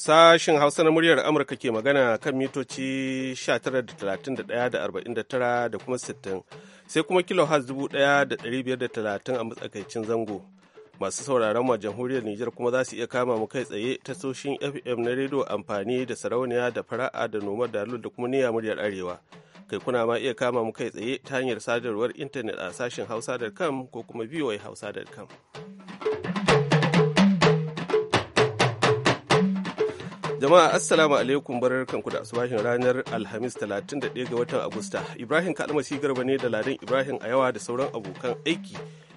Sashin Hausa na muryar Amurka ke magana kan mitoci 19.31 da kuma 60 sai kuma kilohertz 1,530 a matsakaicin zango. Masu sauraron ma jamhuriyar Nijar kuma za su iya kama mu kai tsaye ta soshin FM na rediyo amfani da sarauniya da fara'a da noma da da kuma niya muryar Arewa. Kai kuna ma iya kama mu kai tsaye ta hanyar sadarwar intanet a sashin hausa.com ko kuma voahausa.com. hausa.com. Jama'a Assalamu alaikum barar kanku da asubahin ranar Alhamis 31 ga watan Agusta. Ibrahim Kalmasi Garba ne da Ladan Ibrahim a yawa da sauran abokan aiki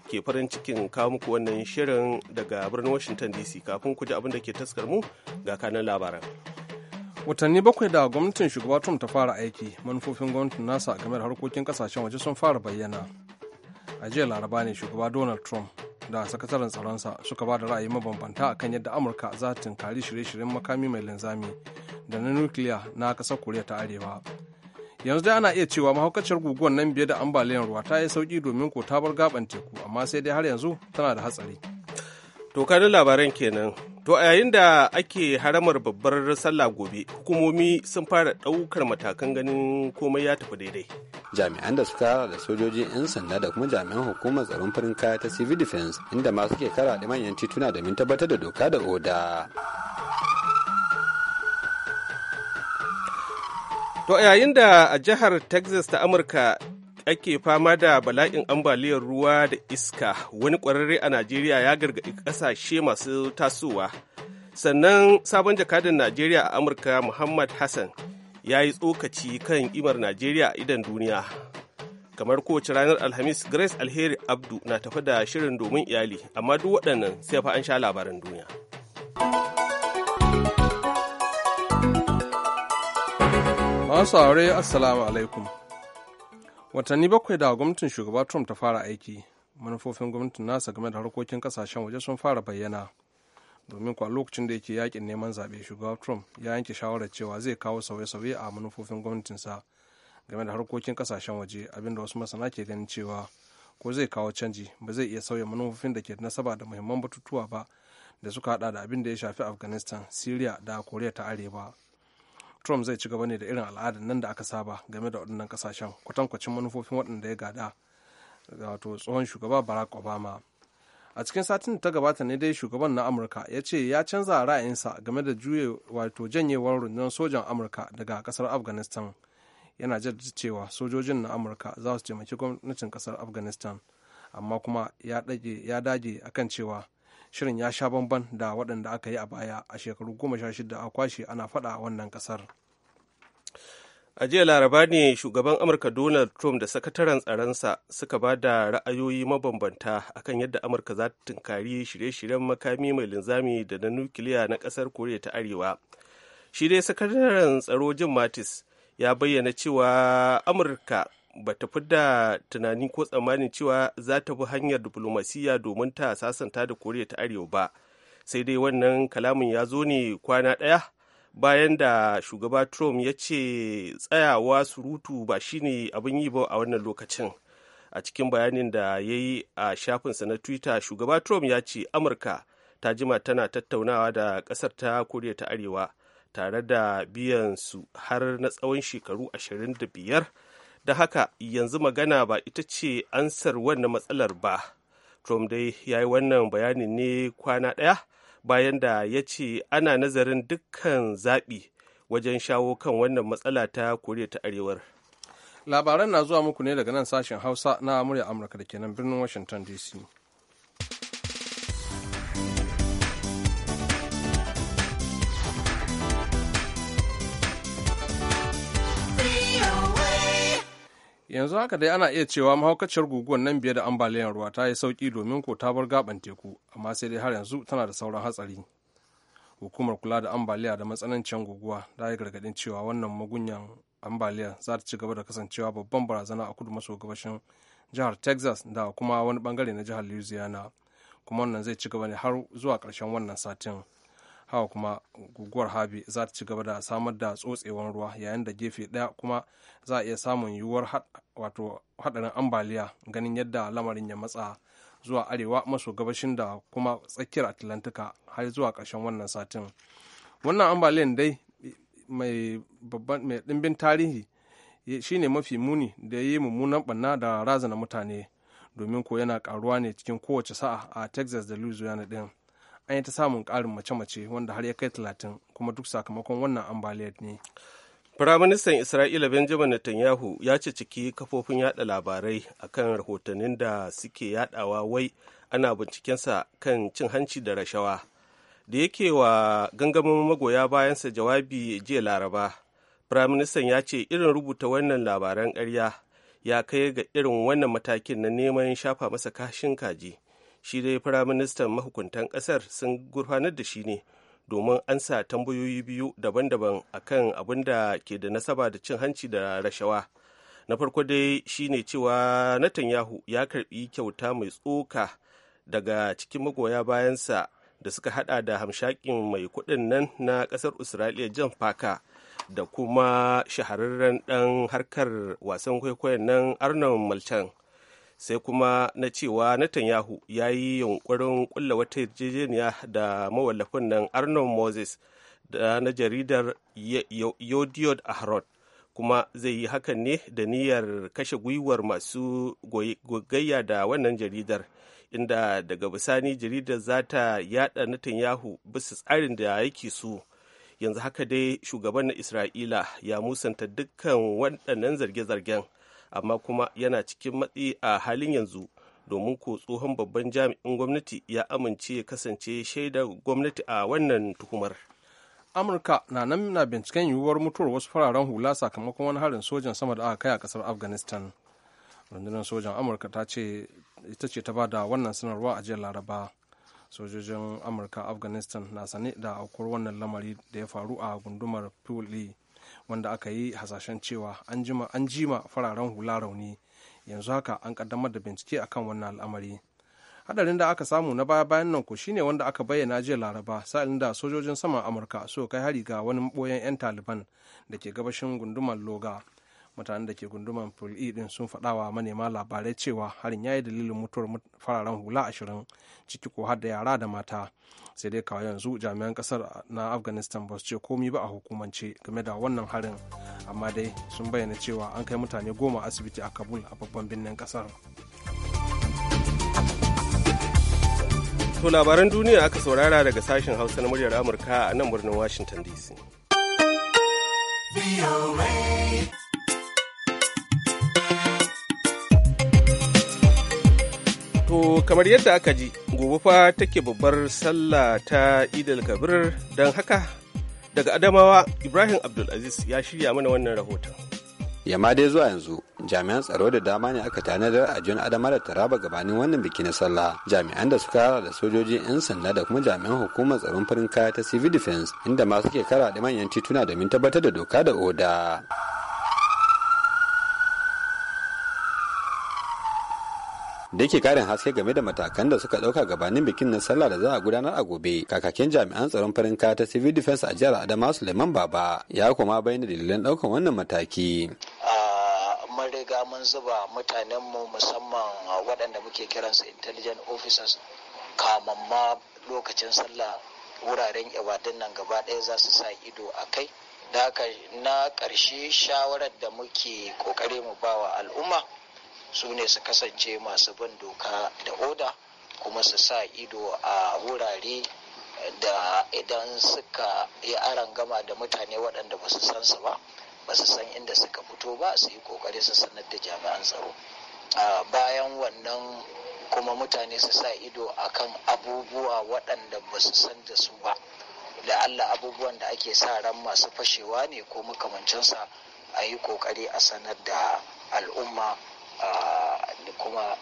ke farin cikin kawo muku wannan shirin daga birnin Washington DC kafin ku ji abin da ke taskar mu ga kanan labaran. Watanni bakwai da gwamnatin shugaba Trump ta fara aiki manufofin gwamnatin nasa game da harkokin kasashen waje sun fara bayyana. A jiya laraba ne shugaba Donald Trump da sakataren tsaronsa suka ba da ra'ayi mabambanta akan yadda amurka za ta tunkari shirye-shiryen makami mai linzami da na nukiliya na ƙasar koriya ta arewa yanzu dai ana iya cewa mahaukaciyar guguwar nan biye da ambaliyar ruwa ta yi sauki domin ko ta bar gaban teku amma sai dai har yanzu tana da hatsari to labaran kenan To a yayin da ake haramar babbar sallah gobe, hukumomi sun fara ɗaukar matakan ganin komai ya tafi daidai. Jami'an da suka da sojoji 'yan sanda da kuma jami'an hukumar tsaron farin kaya ta civil defense inda ma suke kara da manyan tituna domin tabbatar da doka da oda. To a yayin da a jihar Texas ta Amurka ake fama da bala'in ambaliyar ruwa da iska wani ƙwararre a najeriya ya gargaɗi ƙasashe masu tasowa sannan sabon jakadan najeriya a amurka muhammad hassan ya yi tsokaci kan imar najeriya a idan duniya kamar kowace ranar alhamis grace alheri abdu na tafi da shirin domin iyali amma duk waɗannan sai fa an sha labaran duniya masu aure assalamu alaikum watanni bakwai da gwamnatin shugaba trump ta fara aiki manufofin gwamnatin nasa game da harkokin kasashen waje sun fara bayyana domin kwa lokacin da yake yakin neman zaɓe shugaba trump ya yanke shawarar cewa zai kawo sauye-sauye a manufofin gwamnatinsa game da harkokin kasashen waje abinda wasu masana ke ganin cewa ko zai kawo canji ba zai iya sauya manufofin da ke nasaba da muhimman batutuwa ba da suka hada da abin da ya shafi afghanistan syria da korea ta arewa trump zai ci gaba ne da irin al'adar nan da aka saba game da waɗannan kasashen kwatankwacin manufofin waɗanda ya gada wato tsohon shugaba barack obama a cikin satin da ta gabata ne dai shugaban na amurka ya ce ya canza ra'ayinsa game da juye wato janyewar rundunar sojan amurka daga kasar afghanistan yana jaddada cewa sojojin na amurka za su taimaki gwamnatin kasar afghanistan amma kuma ya dage akan cewa shirin ya sha bamban da waɗanda aka yi a baya a shekaru goma sha shida a kwashe ana faɗa a wannan ƙasar a jiya laraba ne shugaban amurka donald trump da sakataren tsaronsa suka ba da ra'ayoyi mabambanta akan yadda amurka za ta tunkari shirye-shiryen makami mai linzami da na nukiliya na ƙasar koriya ta arewa shi dai sakataren tsaro jim mattis ya bayyana cewa amurka ba ta da tunani ko tsammanin cewa za ta bi hanyar diplomasiya domin ta sasanta da koriya ta arewa ba sai dai wannan kalamin ya zo ne kwana ɗaya bayan da shugaba trump ya ce tsayawa surutu ba shine abin yi ba a wannan lokacin a cikin bayanin da ya yi a shafinsa na twitter shugaba trump ya ce amurka ta jima tana tattaunawa da ƙasar ta koriya ta arewa tare da biyan su har na tsawon shekaru 25 da haka yanzu magana ba ita ce ansar wannan matsalar ba trump dai ya yi wannan bayanin ne kwana ɗaya bayan da ya ce ana nazarin dukkan zaɓi wajen shawo kan wannan matsala ta koriya ta arewar labaran na zuwa muku ne daga nan sashen hausa na murya amurka da kenan birnin washington dc yanzu haka dai ana iya cewa mahaukaciyar guguwar nan biye da ambaliyar ruwa ta yi sauki domin ko ta bar gaban teku amma sai dai har yanzu tana da sauran hatsari hukumar kula da ambaliya da matsanancin guguwa ta yi gargadin cewa wannan magunyan ambaliya za ta ci gaba da kasancewa babban barazana a kudu maso gabashin jihar texas da kuma wani bangare na jihar louisiana kuma wannan zai ci gaba ne har zuwa karshen wannan satin. hawa kuma guguwar habi za ta ci gaba da samar da tsotsewan ruwa yayin da gefe daya kuma za a iya samun yiwuwar wato haɗarin ambaliya ganin yadda lamarin ya matsa zuwa arewa maso gabashin da kuma tsakiyar atlantika har zuwa ƙarshen wannan satin wannan ambaliyan dai mai ɗimbin tarihi shine mafi muni da ya yi mummunan ɓanna da razana mutane domin ko yana ƙaruwa ne cikin kowace sa'a a texas da louisiana ɗin an yi ta samun ƙarin mace-mace wanda har ya kai talatin kuma duk sakamakon wannan ambaliyar ne Firaministan Isra'ila Benjamin Netanyahu ya ce ciki kafofin yada labarai akan rahotannin da suke yadawa wai ana bincikensa kan cin hanci da rashawa. Da yake wa gangamin magoya bayansa jawabi jiya laraba, Firaministan ya ce irin rubuta wannan labaran karya ya kai ga irin wannan matakin na neman shafa masa kashin kaji. shi dai firaministan mahukuntan ƙasar sun gurfanar da shi ne domin ansa tambayoyi biyu daban-daban akan abin da ke da nasaba da cin hanci da rashawa na farko dai shine cewa netanyahu ya karbi kyauta mai tsoka daga cikin magoya bayansa da suka hada da hamshakin mai kudin nan na kasar isra'ila jan faka da kuma shahararren dan harkar wasan kwaikwayon nan arnon malcan sai kuma na cewa Netanyahu ya yi yunkurin kulla wata yarjejeniya da mawallafin nan Arnon Moses da na jaridar Yodiod Ahrod kuma zai yi hakan ne da niyyar kashe gwiwar masu gogayya da wannan jaridar inda daga bisani jaridar za ta yada Netanyahu bisa tsarin da yake so. yanzu haka dai shugaban na isra'ila ya musanta dukkan waɗannan zarge-zargen amma kuma yana cikin matsi a halin yanzu domin ko tsohon babban jami'in gwamnati ya amince ya kasance shaidar gwamnati a wannan tuhumar. amurka na nan na binciken yiwuwar mutuwar wasu fararen hula sakamakon wani harin sojan sama da aka kai a kasar afghanistan rundunar sojan amurka ta ce ita ce ta ba da wannan sanarwa a jiya laraba sojojin amurka afghanistan na sane da aukuwar wannan lamari da ya faru a gundumar pulley wanda aka yi hasashen cewa an jima fararen hula rauni yanzu haka an kaddamar da bincike akan wannan al'amari hadarin da aka samu na baya bayan nan ko shine wanda aka bayyana jiya laraba sa'ilin da sojojin saman amurka suka kai hari ga wani boyen 'yan taliban da ke gabashin gundumar loga mutanen da ke gunduman ful'i e din sun faɗawa manema labarai cewa harin ya yi dalilin mutuwar fararen hula ashirin ciki ko har da yara da mata sai dai kawai yanzu jami'an kasar na afghanistan ba su ce komi ba a hukumance game da wannan harin amma dai sun bayyana cewa an kai mutane goma asibiti a kabul a babban birnin kasar to labaran duniya aka saurara daga sashen hausa na muryar amurka a nan birnin washington dc To kamar yadda aka ji gobe fa take babbar sallah ta Idil Kabir don haka daga Adamawa Ibrahim Abdulaziz ya shirya mana wannan rahoton. Yamma dai zuwa yanzu jami'an tsaro da dama ne aka tanadar a jun adama da taraba gabanin wannan biki na sallah jami'an da suka da sojoji 'yan sanda da kuma jami'an hukumar tsaron farin kaya ta civil defense inda masu suke kara da manyan tituna domin tabbatar da doka da oda. da yake karin haske game da matakan da suka dauka gabanin bikin na sallah da za a gudanar a gobe kakakin jami'an tsaron farin kaya ta civil defense a jihar adama suleiman baba ya kuma bayyana dalilan daukan wannan mataki mun riga mun zuba mutanenmu musamman waɗanda muke kiransu intelligent officers kamamma lokacin sallah wuraren ibadun nan gaba ɗaya za su sa ido a kai na ƙarshe shawarar da muke ƙoƙari mu bawa al'umma su ne su kasance masu bin doka da oda kuma su sa ido a wurare da idan suka yi aron gama da mutane waɗanda ba su san su ba ba su san inda suka fito ba su yi kokari su sanar da jami'an tsaro bayan wannan kuma mutane su sa ido kan abubuwa waɗanda ba su san da su ba da allah abubuwan da ake sa ran masu fashewa ne ko makamancinsa a yi kokari a sanar da al'umma Ah, kuma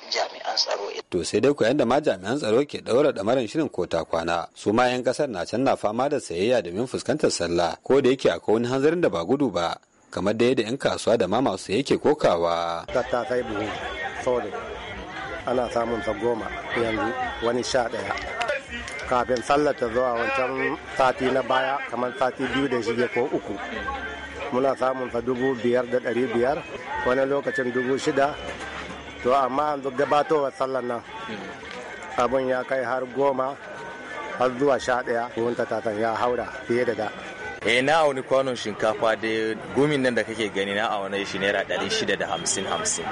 To sai dai ku yanda ma jami'an tsaro ke ɗaura ɗamarin shirin kota kwana su ma 'yan kasar na can na fama da sayayya domin fuskantar sallah ko da yake akwai wani hanzarin da ba gudu ba kamar da yadda 'yan kasuwa da ma masu yake kokawa. Tattakai buhu, sori, ana samun ta goma yanzu wani sha ɗaya. Kafin sallar ta zo a wancan sati na baya kamar sati biyu da shige ko uku muna samun fa dubu biyar da ɗari biyar wani lokacin dubu shida to amma yanzu gabatowar sallar nan abin ya kai har goma har zuwa sha ɗaya wunta tatan ya haura fiye da da E, na auni kwanon shinkafa da gumin nan da kake gani na auna shi naira ɗari shida da hamsin hamsin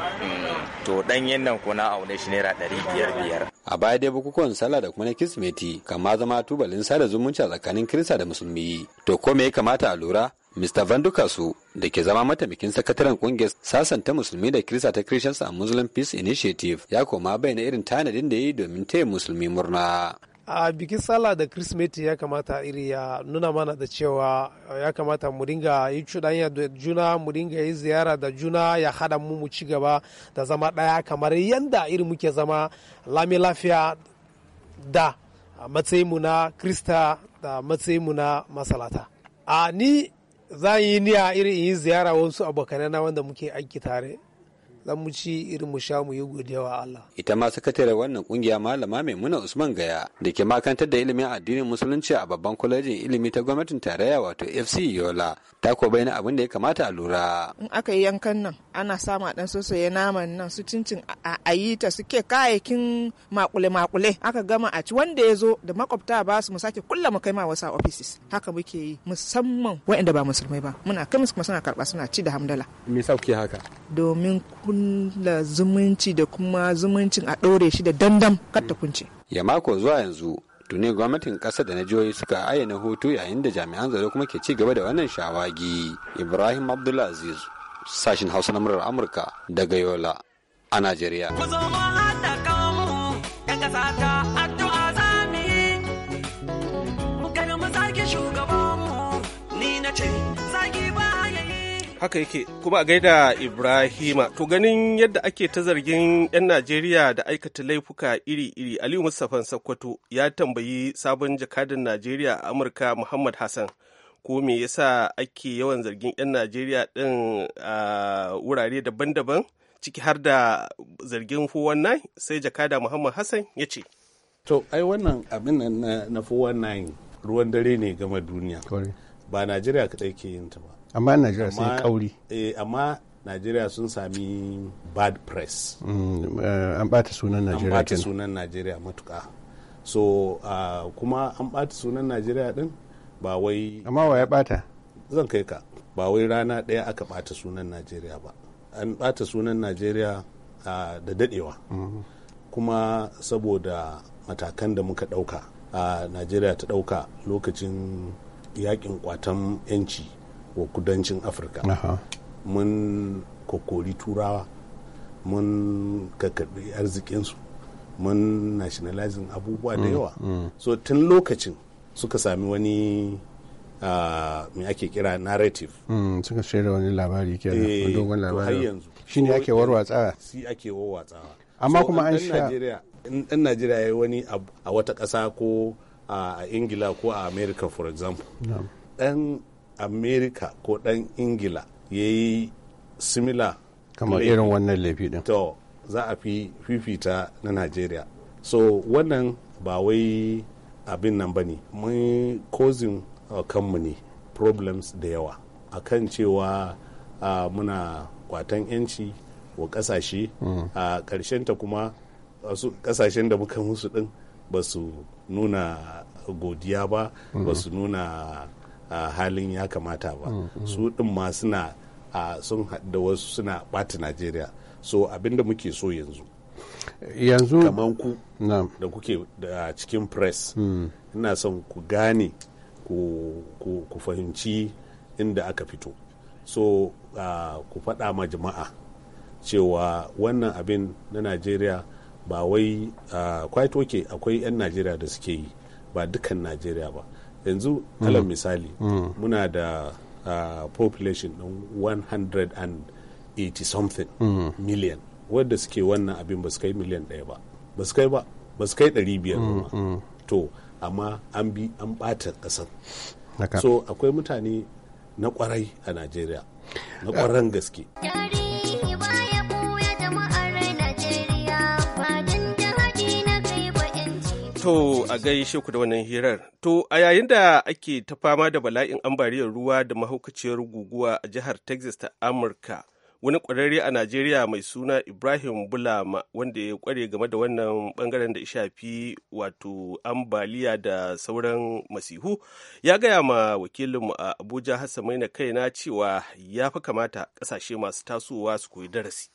to ɗanyen nan ko na auna shi naira ɗari biyar biyar a baya dai bukukuwan sallah da kuma na kismeti kama zama tubalin sada zumunci a tsakanin kirista da musulmi to ko me ya kamata a lura Mr. Vandukasu da ke zama mataimakin sakataren kungiyar sasanta musulmi da kirista ta Christians and Muslim Peace Initiative ya koma bayyana irin tanadin da ya yi domin taya musulmi murna. A bikin sallah da Kirsimeti ya kamata iri ya nuna mana da cewa ya kamata mu dinga yi cuɗanya da juna mu dinga yi ziyara da juna ya haɗa mu mu ci gaba da zama ɗaya kamar yadda irin muke zama lami lafiya da matsayinmu na Krista da matsayinmu na masalata. A ni za yi niya irin yi ziyara wasu abokanai na wanda muke aiki tare dan mu ci irin mu sha mu yi godiya wa Allah. Ita ma sakatare wannan kungiya malama Maimuna Usman Gaya da ke makantar da ilimin addinin musulunci a babban kwalejin ilimi ta gwamnatin tarayya wato FC Yola ta ko bayyana abin da ya kamata a lura. In aka yi yankan nan ana sama dan na naman nan su cincin a yi ta suke kayayyakin makule-makule aka gama a ci wanda ya zo da makwabta ba su mu sake kulla mu kai ma wasu offices haka muke yi musamman waɗanda ba musulmai ba muna kamis kuma suna karɓa suna ci da hamdala. Me sauke haka? Domin kun da zumunci da kuma zumuncin a ɗore shi da dandam kar ta mm. kunce. ya mako zuwa yanzu tuni gwamnatin ƙasa da na jihohi suka ayyana hutu yayin da jami'an tsaro kuma ke ci gaba da wannan shawagi ibrahim abdulaziz sashin hausa na murar amurka daga yola a najeriya. haka yake kuma a gaida ibrahima to ganin yadda ake ta zargin 'yan najeriya da aikata laifuka iri-iri aliyu mustapha sakkwato ya tambayi sabon jakadan najeriya a amurka muhammad hassan ko me yasa ake yawan zargin 'yan najeriya din a wurare daban-daban ciki har da zargin fowan sai jakada muhammad hassan ya ce to ai wannan abin na fowan ruwan dare ne gama duniya ba najeriya kaɗai ke yin ta ba amma najeriya sun kauri eh, amma najeriya sun sami bad press mm, eh, an bata sunan najeriya ah, an bata sunan najeriya matuka so kuma an bata sunan najeriya din ba wai amma wa ya bata zan kai ka ba wai rana ɗaya aka bata sunan najeriya ba an bata sunan najeriya ah, da dadewa mm-hmm. kuma saboda matakan da muka ɗauka a ah, najeriya ta ɗauka lokacin yakin kwatan 'yanci ko kudancin afirka mun kokori turawa mun kakarbi arzikinsu mun nationalizing abubuwa da mm, yawa mm. so tun lokacin suka sami wani mai ah, me ake kira narrative mm, suka shaida wani labari kenan eh, dogon labari shi ne ake warwatsawa si ake warwatsawa amma kuma an sha dan najeriya ya yi wani a wata ƙasa ko a ingila ko a america for example dan amerika ko dan ingila ya yi simila kamar irin wannan laifi din to za a fi fifita na nigeria. so wannan ba wai abin nan ba ne mun kozin uh, kanmu ne problems da yawa a kan cewa uh, muna kwatan 'yanci wa kasashe mm. a ta kuma wasu kasashen da muka musu din ba su nuna godiya ba ba mm. su nuna halin ya kamata ba su ɗin ma suna sun da wasu suna ɓata najeriya so abinda muke so yanzu yanzu kamar ku da kuke da cikin press ina son ku gane ku fahimci inda aka fito so ku faɗa ma jama'a cewa wannan abin na najeriya ba wai kwaito ke akwai 'yan najeriya da suke yi ba dukan najeriya ba yanzu kalan mm. misali mm. muna da ah, population ɗin 180 something mm. million wadda suke wannan abin ba su kai miliyan ɗaya ba ba su kai ba ba su kai ɗari biyar ba to amma an bi an ɓata ƙasar so akwai mutane na kwarai a najeriya na kwaran ah. gaske. To a gaishe ku da wannan hirar. To a yayin da ake ta fama da bala'in ambaliyar ruwa da mahaukaciyar guguwa a jihar Texas ta Amurka, wani ƙwararre a Najeriya mai suna Ibrahim Bulama wanda ya ƙware game da wannan bangaren da shafi wato ambaliya da sauran masihu, ya gaya ma wakilinmu a Abuja Hassan Maina kaina cewa ya fi kamata ƙasashe masu tasowa su koyi darasi.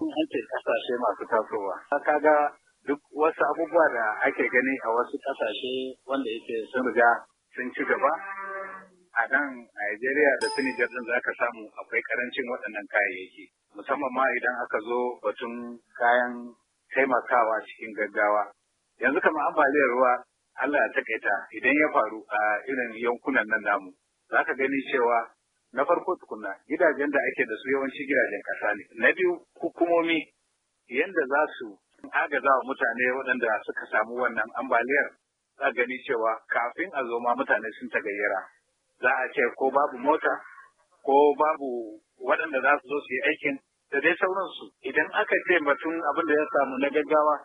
ƙasashe masu tasowa. Kaga duk wasu abubuwa da ake gani a wasu kasashe wanda yake sun riga sun ci gaba a nan Najeriya da Senegal din za ka samu akwai karancin waɗannan kayayyaki musamman ma idan aka zo batun kayan taimakawa cikin gaggawa yanzu kama ambaliyar ruwa Allah ya takaita idan ya faru a irin yankunan nan namu za ka gani cewa na farko tukunna gidajen da ake da su yawanci gidajen kasa ne na biyu hukumomi yadda za su agaza wa mutane waɗanda suka samu wannan ambaliyar za gani cewa kafin a zo ma mutane sun tagayyara za a ce ko babu mota ko babu waɗanda za su zo su yi aikin da dai sauransu idan aka ce batun abin da ya samu na gaggawa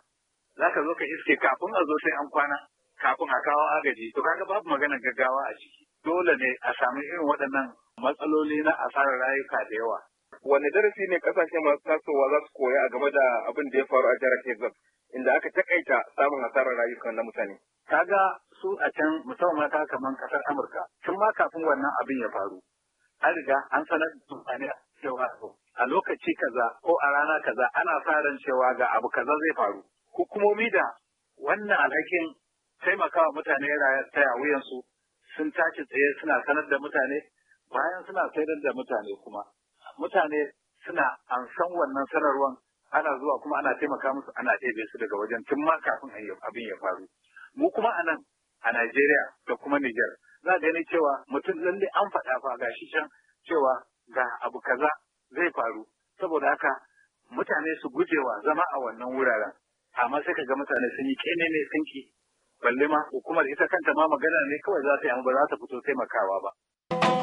za ka zo ka iske kafin a zo sai an kwana kafin a kawo agaji to kaga babu maganar gaggawa a ciki dole ne a samu irin waɗannan matsaloli na asarar rayuka da yawa Wani darasi ne kasashe masu tasowa za su koya a game da abin da ya faru a jihar Texas inda aka takaita samun hasarar rayukan na mutane? Kaga su a can musamman ta kaman kasar Amurka tun ma kafin wannan abin ya faru. An riga an sanar da mutane cewa a lokaci kaza ko a rana kaza ana sa ran cewa ga abu kaza zai faru. Hukumomi da wannan alhakin taimakawa mutane raya wuyansu sun tashi tsaye suna sanar da mutane bayan suna sayar da mutane kuma mutane suna an san wannan sanarwar ana zuwa kuma ana taimaka musu ana ɗebe su daga wajen tun ma kafin abin ya faru mu kuma a nan a Najeriya da kuma Niger za a gani cewa mutum lalle an faɗa fa ga shi can cewa ga abu kaza zai faru saboda haka mutane su gujewa zama a wannan wuraren amma sai ka ga mutane sun yi kene ne sun ki balle ma hukumar ita kanta ma magana ne kawai za ta yi amma ba za ta fito taimakawa ba.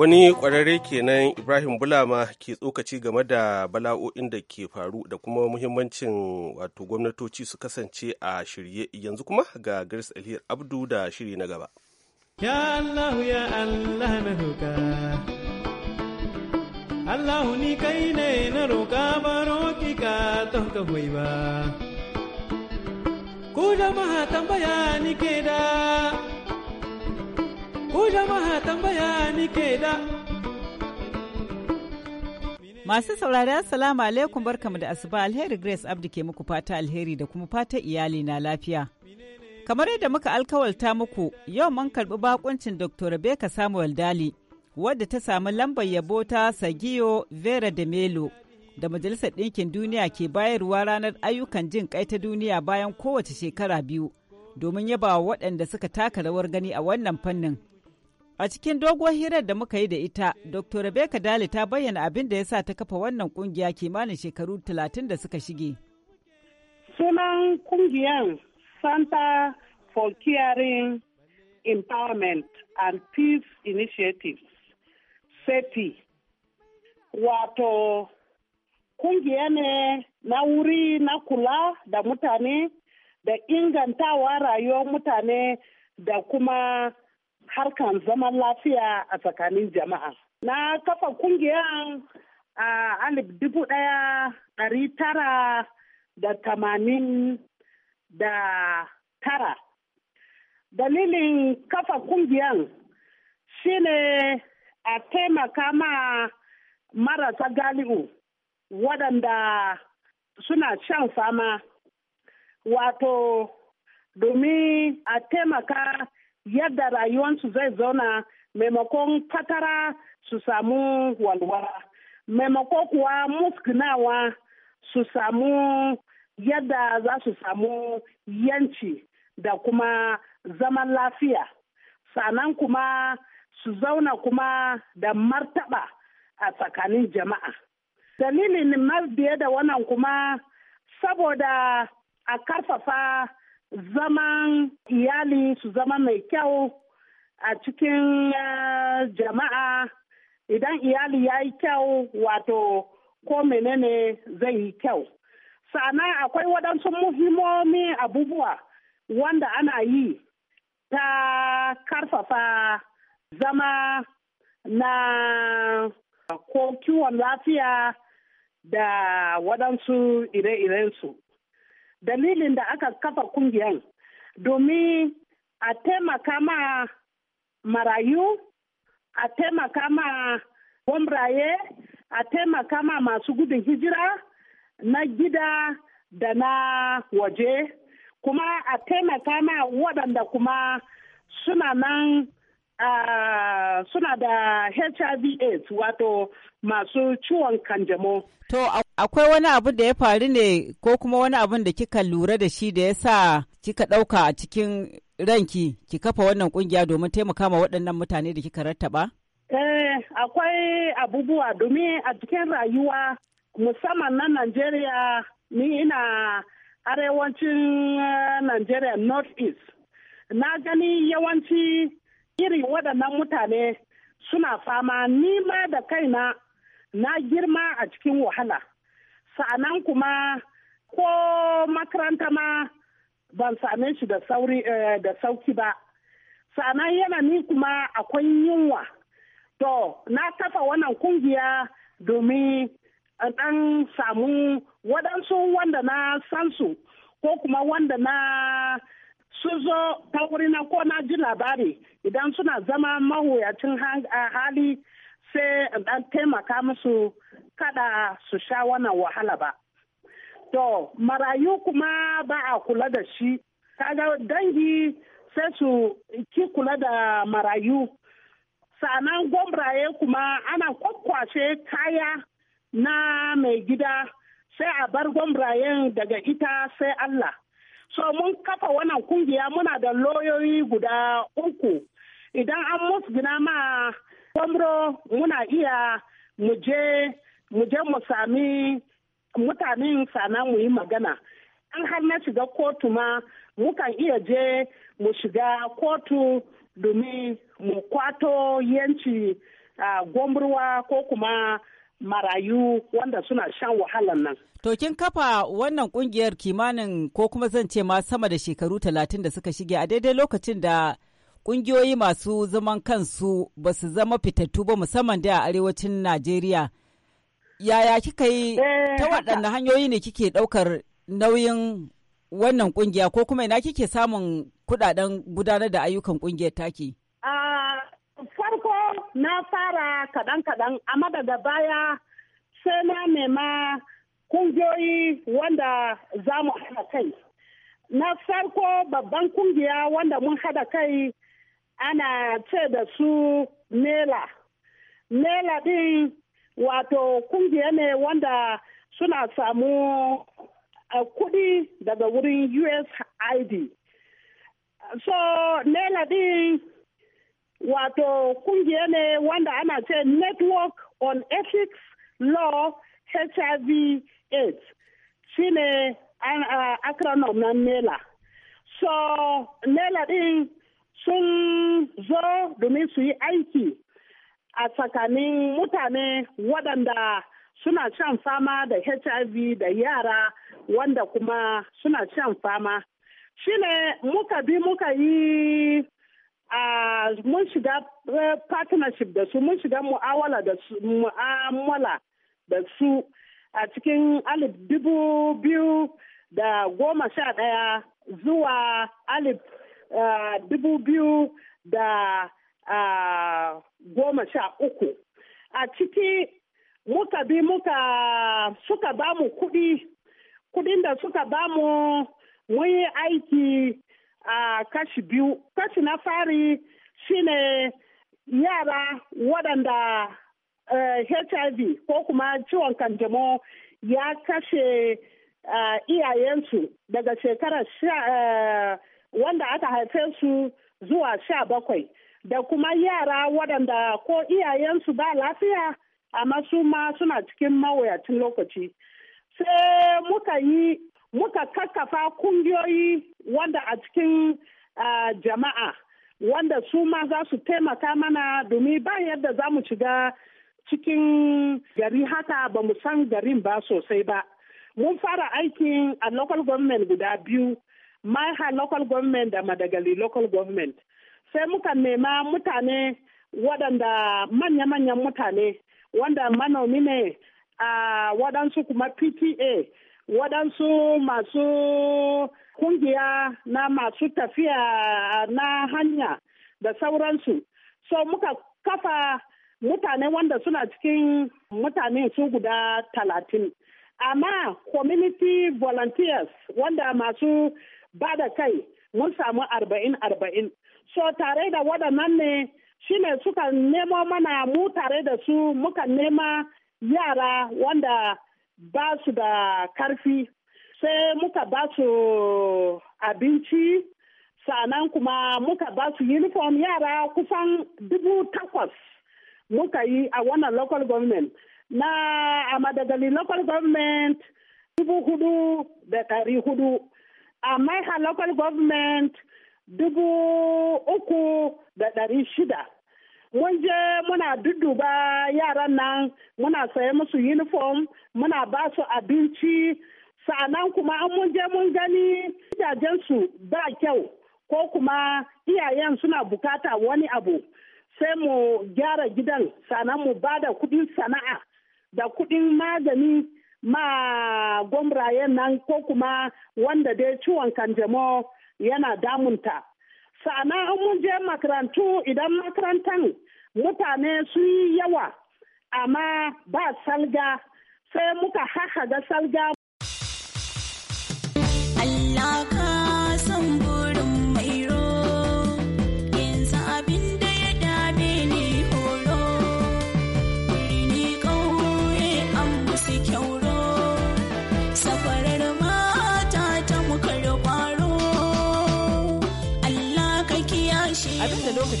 wani kwararre kenan ibrahim bulama ke tsokaci game da bala'o'in da ke faru da kuma muhimmancin wato gwamnatoci su kasance a shirye yanzu kuma ga grace alhiyar abdu da shiri na gaba ya allah ya allah na roka allah ni kai ne na roka baro ki ka ka ba ku jama'a tambaya ni ke da Ku jama'a tambaya da. Masu saurari Assalamu alaikum barkamu da asuba alheri Grace Abdi ke muku fata alheri da kuma fata iyali na lafiya. Kamar yadda muka alkawalta muku yau mun karbi bakuncin Dr. Rebecca Samuel Dali wadda ta samu lambar yabo ta Sagio Vera de Melo da Majalisar Ɗinkin Duniya ke bayarwa ranar ayyukan jin kai ta duniya bayan kowace shekara biyu domin yabawa waɗanda suka taka rawar gani a wannan fannin A cikin doguwar hirar da muka yi da ita, Dr. Rebecca Dali ta bayyana abin da ya sa ta kafa wannan kungiya kimanin shekaru talatin da suka shige. Sunan kungiyar Center for Caring Empowerment and Peace Initiatives, SETI, wato kungiya ne na wuri na kula da mutane da ingantawa rayuwar mutane da kuma harkan zaman lafiya a tsakanin jama'a. Na kafa kungiyar a alif dubu ɗaya ɗari tara da tamanin da tara. Dalilin kafa kungiyar shine a taimaka ma marasa gali'u waɗanda suna shan fama wato domin a taimaka yadda rayuwansu zai zauna maimakon fatara su samu walwala maimako kuwa musgunawa su samu yadda za su samu yanci da kuma zaman lafiya sannan kuma su zauna kuma da martaba a tsakanin jama'a dalilin biye da wannan kuma saboda a karfafa zaman iyali su zama mai kyau a cikin eh, jama'a idan iyali ya yi kyau wato ko menene zai yi kyau sannan akwai waɗansu muhimmomi abubuwa wanda ana yi ta karfafa zama na ko kiwon lafiya da waɗansu ire-irensu dalilin da aka kafa kungiyar domin a taimaka ma marayu a taimaka ma gwamraye a taimaka ma masu gudun hijira na gida da na waje kuma a taimaka ma waɗanda kuma suna nan uh, suna da HIV AIDS wato masu ciwon kanjamo. To akwai wani abu da ya faru ne ko kuma wani abun da kika lura da shi da ya sa kika ɗauka a cikin ranki ki kafa wannan kungiya domin taimaka ma waɗannan mutane da kika rattaba? Eh, akwai abubuwa domin a cikin rayuwa musamman na Najeriya ni ina arewacin eh, Najeriya North East. Na gani yawanci irin waɗannan mutane suna fama nima da kaina na girma a cikin wahala sa'anan kuma ko makaranta ma ban same shi da sauri eh, da sauki ba sa'anan yana ni kuma akwai yunwa to na kafa wannan kungiya domin ɗan samu waɗansu wanda na san su ko kuma wanda na sun zo ta wurina ko na ji labari idan suna zama mawuyacin hali sai dan taimaka musu kada su sha wannan wahala ba. To, marayu kuma ba a kula da shi, kaga dangi sai su ki kula da marayu. Sanan gwamraye kuma ana kwakwashe kaya na mai gida sai a bar gwamrayen daga ita sai Allah. So mun kafa wannan kungiya muna da loyoyi guda uku. Idan an musgina ma kwamro muna iya mu je mu sami mutanen sana mu yi magana. An har na shiga kotu ma mukan iya je mu shiga kotu domin mu kwato yanci ah, a uh, ko kuma marayu wanda suna shan wahalan nan. To kin kafa wannan kungiyar kimanin ko kuma zan ce ma sama da shekaru talatin da suka shige a daidai lokacin da kungiyoyi masu zaman kansu ba su zama fitattu ba musamman da a arewacin Najeriya. Yaya kika yi eh, ta waɗanne hanyoyi ne kike ɗaukar nauyin wannan kungiya ko kuma ina kike samun kuɗaɗen gudanar da ayyukan kungiyar taki? Ah, na fara kaɗan-kaɗan amma daga baya sai na nema kungiyoyi wanda za mu haɗa kai na farko babban kungiya wanda mun haɗa kai ana ce da su mela mela ɗin wato kungiya ne wanda suna samu kuɗi daga wurin usaid so mela ɗin wato kungiya ne wanda ana ce network on ethics law hiv aids shine uh, acronym na nela so nela din sun zo domin su yi aiki a tsakanin mutane waɗanda suna can fama da hiv da yara wanda kuma suna can fama shine muka bi muka yi Ah, mun shiga eh, partnership da su mun shiga mu'awala da su mu'amala da su a cikin alif dubu biyu da goma sha ɗaya zuwa alif ah, dubu biyu da ah, goma sha uku a ciki muka bi muka suka ba mu kuɗi kuɗin da suka bamu mu mun yi aiki a kashi biyu kashi na fari shine yara waɗanda hiv eh, ko kuma ciwon kanjamau ya kashe eh, iyayensu daga shekarar eh, wanda aka haife su zuwa sha bakwai da kuma yara waɗanda ko iyayensu ba lafiya amma su ma suna cikin mawuyacin lokaci sai muka yi muka kakkafa kungiyoyi wanda a cikin jama'a wanda su ma za su taimaka mana domin ba yadda za mu shiga cikin gari haka ba mu san garin ba sosai ba. Mun fara aikin a local government guda biyu, Maiha local government da Madagali local government. Sai muka nema mutane waɗanda manya-manyan mutane, wanda manomi ne a waɗansu kuma PTA waɗansu masu kungiya na masu tafiya na hanya da sauransu. So muka kafa mutane wanda suna cikin mutane su guda talatin. Amma community volunteers wanda masu ba da kai mun samu arba'in arba'in. So tare da waɗannan ne shi ne suka nemo mana mu tare da su muka nema yara wanda ba su da karfi sai muka ba su abinci sannan kuma muka ba su uniform yara kusan dubu takwas muka yi a wannan local government na a madagali local government dubu hudu da ɗari hudu a maiha local government dubu uku da ɗari shida mun je muna dudduba yaran nan muna saye musu uniform muna ba su abinci sa'anan kuma an mun je mun gani gidajensu ba kyau ko kuma iyayen suna bukata wani abu sai mu gyara gidan sa'anan mu ba da kudin sana'a da kudin magani ma gwamrayen nan ko kuma wanda dai ciwon kanjamo yana damunta sana in mun je makarantu idan makarantan mutane sun yi yawa amma ba salga sai muka ga salga Allah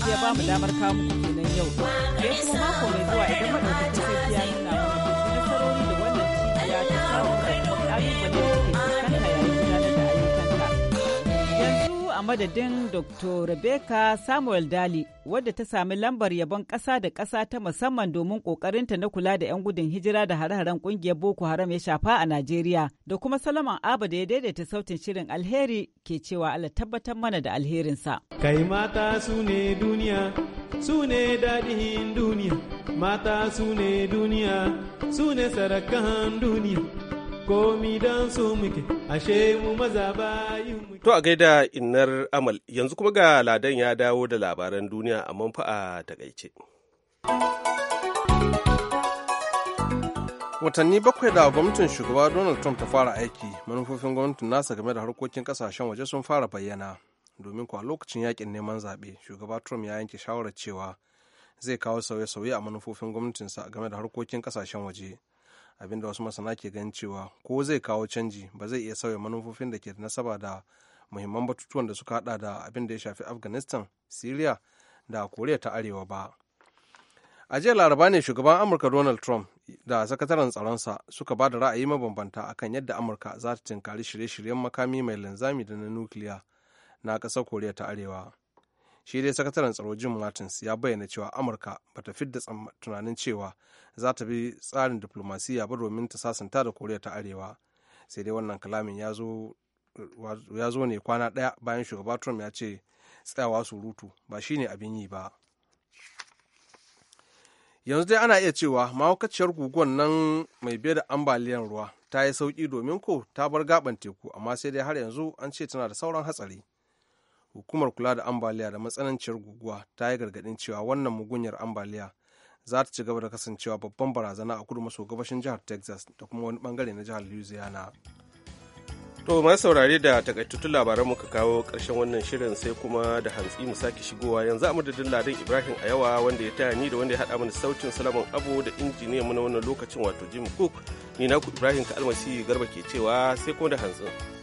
lokaci ba bamu damar kawo muku kenan yau sai kuma mako mai zuwa idan madaukakin sarki ya nuna mana nasarori da wannan cibiya ta samu da kalubale a madadin Dr. Rebecca Samuel Dali wadda ta sami lambar yabon ƙasa da ƙasa ta musamman domin ƙoƙarinta na kula da 'yan gudun hijira da hare-haren ƙungiyar Boko Haram ya shafa a Najeriya da kuma Salaman Abba da ya daidaita sautin shirin alheri ke cewa Allah tabbatar mana da alherinsa. Kai mata su ne duniya, su ne daɗin duniya, mata su ne duniya, su ne sarakan duniya. komi su muke ashe mu maza muke to a gaida innar amal yanzu kuma ga ladan ya dawo da labaran duniya a manfa'a a takaice watanni bakwai da gwamnatin shugaba donald trump ta fara aiki manufofin gwamnatin nasa game da harkokin kasashen waje sun fara bayyana domin kuwa lokacin yakin neman zaɓe shugaba trump ya yanke shawarar cewa zai kawo sauye-sauye a manufofin gwamnatinsa game da harkokin kasashen waje abinda wasu masana ke ganin cewa ko zai kawo canji ba zai iya sauya manufofin da ke da nasaba da muhimman batutuwan da suka hada da abin da ya shafi afghanistan syria da koriya ta arewa ba a jiya laraba ne shugaban amurka donald trump da sakataren tsaronsa suka ba da ra'ayi mabambanta akan yadda amurka za ta tinkari shirye-shiryen makami mai linzami da na nukiliya na ƙasar koriya ta arewa shi dai sakataren tsaro jim martins ya bayyana cewa amurka ba ta fidda tunanin cewa za ta bi tsarin diplomasiya ba domin ta sasanta da koriya ta arewa sai dai wannan kalamin ya zo ne kwana ɗaya bayan shugaba trump ya ce tsayawa surutu ba shine abin yi ba yanzu dai ana iya cewa mahaukaciyar guguwar nan mai biye da ambaliyar ruwa ta yi sauki domin ko ta bar gaban teku amma sai dai har yanzu an ce tana da sauran hatsari hukumar kula da ambaliya da matsananciyar guguwa ta yi gargadin cewa wannan mugunyar ambaliya za ta ci gaba da kasancewa babban barazana a kudu maso gabashin jihar texas da kuma wani bangare na jihar louisiana To ma saurare da takaitattun labaran muka kawo ƙarshen wannan shirin sai kuma da hantsi mu sake shigowa yanzu a madadin ladin Ibrahim Ayawa wanda ya taya ni da wanda ya haɗa mana sautin Salaman Abu da injiniya mu na wannan lokacin wato Jim Cook ni naku Ibrahim ka almasi Garba ke cewa sai kuma da hantsin.